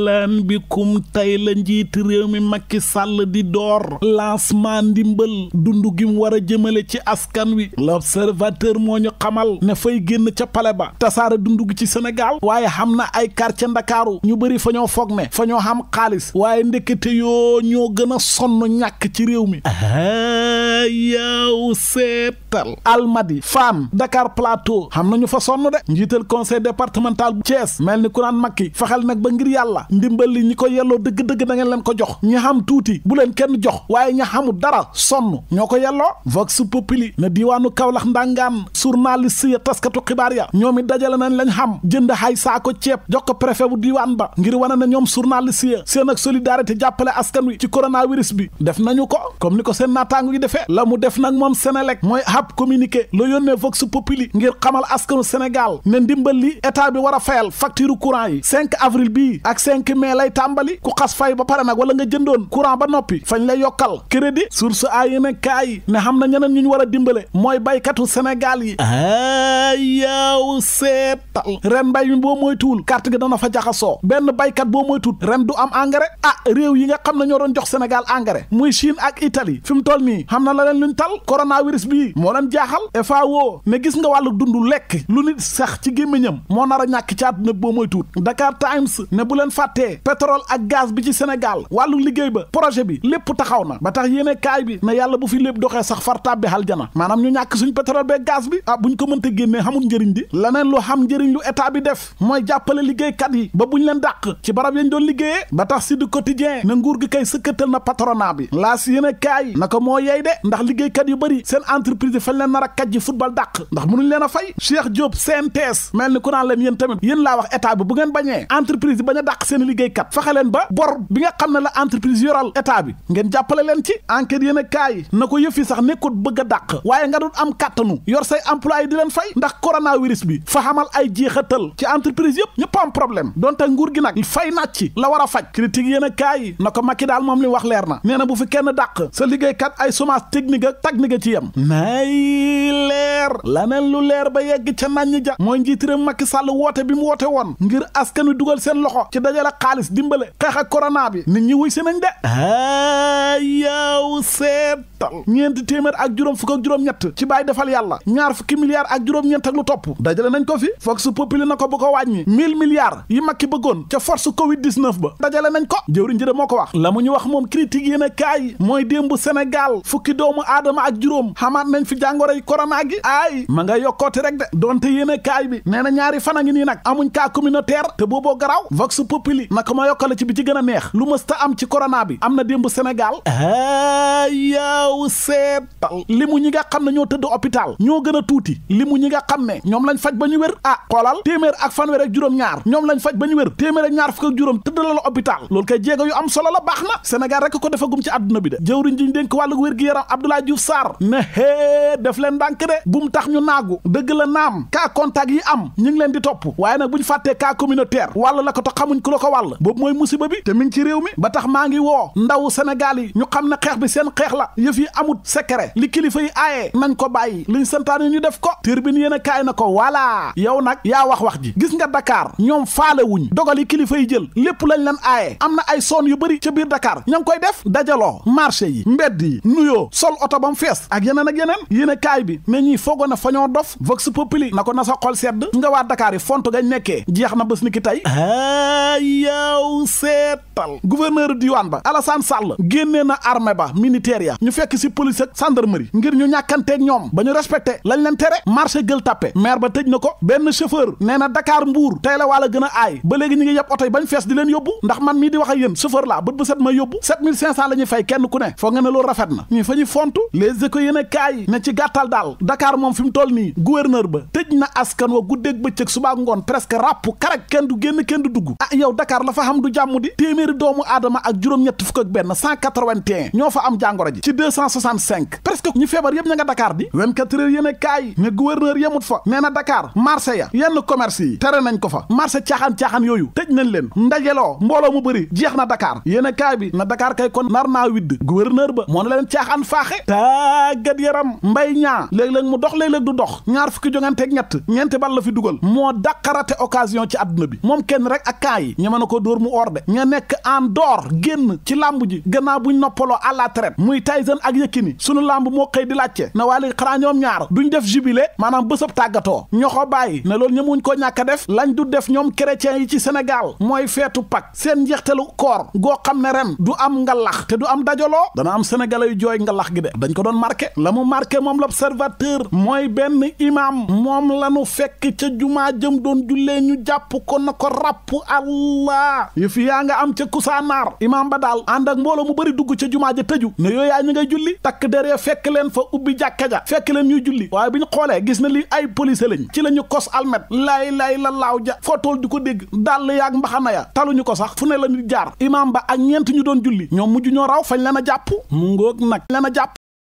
ahlan bikum tey la njiiti réew mi Macky Sall di door lancement ndimbal dund gi mu war a jëmale ci askan wi l'observateur moo ñu xamal ne fay génn ca pale ba tasaare dundu gi ci senegaal waaye xam na ay quartier Ndakaaru ñu bëri fa ñoo foog ne fa ñoo xam xaalis waaye ndekete yoo ñoo gën a sonn ñàkk ci réew mi yow seetal Almadi Fann Dakar Plateau xam nañu fa sonn de njiital conseil départemental bu mel ni ku naan Macky fexeel nag ba ngir yàlla ndimbal li ñi ko yelloo dëgg-dëgg na ngeen leen ko jox ñi xam tuuti bu leen kenn jox waaye ña xamu dara sonn ñoo ko yelloo vox populi na diiwaanu kawlax ndangaan journaliste ya taskatu xibaar ya ñoom it dajale nañ lañ xam jënd xay saako ceeb jox ko préfet bu diiwaan ba ngir wane na ñoom journaliste ya seen ak solidarité jàppale askan wi ci coronavirus bi def nañu ko comme ni ko seen naataango yi defee la mu def nag moom Senelec mooy hab communiqué la yónnee vox populi ngir xamal askanu Sénégal ne ndimbal li état bi war a fayal facture courant yi 5 avril bii cinq mai lay tàmbali ku xas fay ba pare nag wala nga jëndoon courant ba noppi fañ la yokkal crédit source a yéen kaay ne xam na ñeneen ñu ñu war dimbale mooy baykatu Sénégal yi a yaaw seetal ren mbay mi boo moytuwul carte gi dana fa jaxasoo benn baykat boo moytuut ren du am engrais ah réew yi nga xam na ñoo doon jox Sénégal engrais muy Chine ak Italie fi mu toll nii xam na la leen luñ tal coronavirus bii moo leen jaaxal FAO ne gis nga wàllu dund lekk lu nit sax ci gémmiñam moo nar a ñàkk ci àdduna te pétrole ak gaz bi ci Sénégal wàllu liggéey ba projet bi lépp taxaw na ba tax yéene kaay bi na yàlla bu fi lépp doxee sax fartaab bi aljana maanaam ñu ñàkk suñ pétrole bee gaz bi ah buñ ko mënta génnee xamul njëriñ di leneen lu xam njëriñ lu état bi def mooy jàppale liggéeykat yi ba buñ leen dàq ci barab yañ doon liggéeyee ba tax si du quotidien na nguur gi kay sëkkatal na patronat bi laas yéene kaay na ko moo yey de ndax liggéeykat yu bëri seen entreprise yi fañ leen nar a kajji football dàq ndax mënuñ leen a fay Cheikh Diop CNTS mel ni ku naan leen yéen tamit yéen laa wax état bu ngeen bañee entreprise yi yéen liggéeykat fexe leen ba bor bi nga xam ne la entreprise yoral état bi ngeen jàppale leen ci enquête yéen a kaay na ko yëf yi sax nekkut bëgg a dàq waaye nga doon am kàttanu yor say employé di leen fay ndax coronavirus bi fa xamal ay jeexatal ci entreprise yëpp ñëpp am problème donte nguur gi nag fay naaj ci la war a faj critique yéen a kaay na ko Macky daal moom li wax leer na nee na bu fi kenn dàq sa kat ay chômage technique ak technique ci yem nay leer laneen lu leer ba yegg ca nañ ja mooy njiitiram Macky Sall woote bi mu woote woon ngir askan wi dugal seen loxo nag xaalis dimbale xeex ak corona bi nit ñi wuy si nañ de yaaw seetal ñeenti téeméer ak juróom fukk ak juróom-ñett ci baay defal yàlla ñaar fukki milliards ak juróom-ñett ak lu topp dajale nañ ko fi Vox Populi na ko bu ko wàññi mille milliards yi makki bëggoon ca force covid 19 ba dajale nañ ko jëwriñ ji moo ko wax la mu wax moom critique yéen a kaay mooy démb Sénégal fukki doomu aadama ak juróom xamaat nañ fi jàngoroy korona gi aay ma nga yokkooti rek de donte yéen a kaay bi nee na ñaari fan a ngi nii nag amuñ cas communautaire te booboo garaaw Vox Populi naka ma yokkale ci bi ci gën a neex lu mësta am ci corona bi am na démb Sénégal a eh, seetal li mu ñi nga xam ne ñoo tëdd hôpital ñoo gën a tuuti li mu ñi nga xam ne ñoom lañu faj ba ñu wér ah xoolal téeméer ak fanweer ak juróom-ñaar ñoom lañ faj ba ñu wér téeméer ak ñaar fukk ak juróom tëdd la la hôpital loolu kay jéego yu am solo la baax na Sénégal rek ko defagum ci àdduna bi de jëwriñ ji ñu dénk wàllu wér-gi-yaram Abdoulaye Diouf saar ne hee def leen ndànk de bu mu tax ñu naagu dëgg la naam cas contact yi am ñu ngi leen di topp waaye bu ñu fàttee cas communautaire wàll la ko tax xamuñ ku la ko wàll boobu bi te mi ngi ci réew mi ba tax maa ngi woo ndaw Sénégal yi ñu xam ne xeex bi seen xeex la yëf yi amut secret li kilifa yi aaye nañ ko bàyyi liñ santaane ñu def ko turbine yéen a kaay na ko voilà yow nag yaa wax wax ji gis nga dakaar ñoom faale wuñ dogal yi kilifa yi jël lépp lañ leen aaye am na ay soon yu bëri ca biir dakaar ña ngi koy def dajaloo marché yi mbedd yi nuyoo sol oto bam fees ak yeneen ak yeneen yéen kaay bi ne ñuy foogoon a fa ñoo dof vox populi na ko na sa xol sedd nga waa dakaar yi font gañ nekkee jeex na bés ni ki tey yow seetal gouverneur diwaan ba Alassane Sall génne leen a armée ba militaire ya ñu fekk si police ak gendarmerie ngir ñu ñàkkanteeg ba ñu respecté ndax man mii di wax ak yéen chauffeur laa bët bu set ma yóbbu 7500 fay kenn ku ne foog ngoon presque ràpp karaj kenn du génn kenn dugg ah yow Dakar la fa xam du jàmm di téeméeri doomu aadama ak juróom-ñett fukk ak benn quatre ñoo fa am jàngoro ji ci deux feebar yëpp ña nga di vingt-quatre heures yéen a kaay ne gouverneur fa nee na Dakar ya yenn commerce yi tere nañ ko fa marché caaxaan-caaxaan yooyu tëj nañ leen ndajeloo mbooloo mu bëri jeex na Dakar yéen a kaay bi na Dakar kay kon nar naa widd gouverneur ba moo na leen caaxaan faaxe tàggat yaram mbay ñaa léeg-léeg mu dox léeg-léeg du dox ñaar fukki jonganteeg ñett ñeenti bal la fi dugal moo daqarate occasion ci a ko noppaloo à la traite muy Tyson ak Yékini sunu làmb moo xëy di laajte na waa léegi xanaa ñoom ñaar duñ def jubilé maanaam bésëb tàggatoo ñoxo bàyyi ne loolu ñëmuñ koo ñàkk a def lañ du def ñoom chrétiens yi ci Sénégal mooy feetu pak seen njeextelu koor goo xam ne ren du am ngalax te du am dajaloo dana am sénégalais yu jooy ngalax gi de dañ ko doon marqué la mu marqué moom l'observateur mooy benn imaam moom lanu fekk ca jumaa jëm doon jullee ñu jàpp ko na ko ràpp allah yëfi yaa nga am ca kusaanaar imam ba daal ànd ak mu bëri dugg dugg ca jumaa ja tëju ne yooyu yaa ñu ngay julli takk der ya fekk leen fa ubbi jàkka ja fekk leen ñuy julli waaye bi ñu xoolee gis na li ay police lañ ci la ñu kos almet laay laay la laaw ja footool di ko dégg dàll yaag mbaxana ya taluñu ko sax fu ne la ñu jaar imaam ba ak ñeent ñu doon julli ñoom mujj ñoo raw fañ leen a jàpp mu ngoog nag leen a jàpp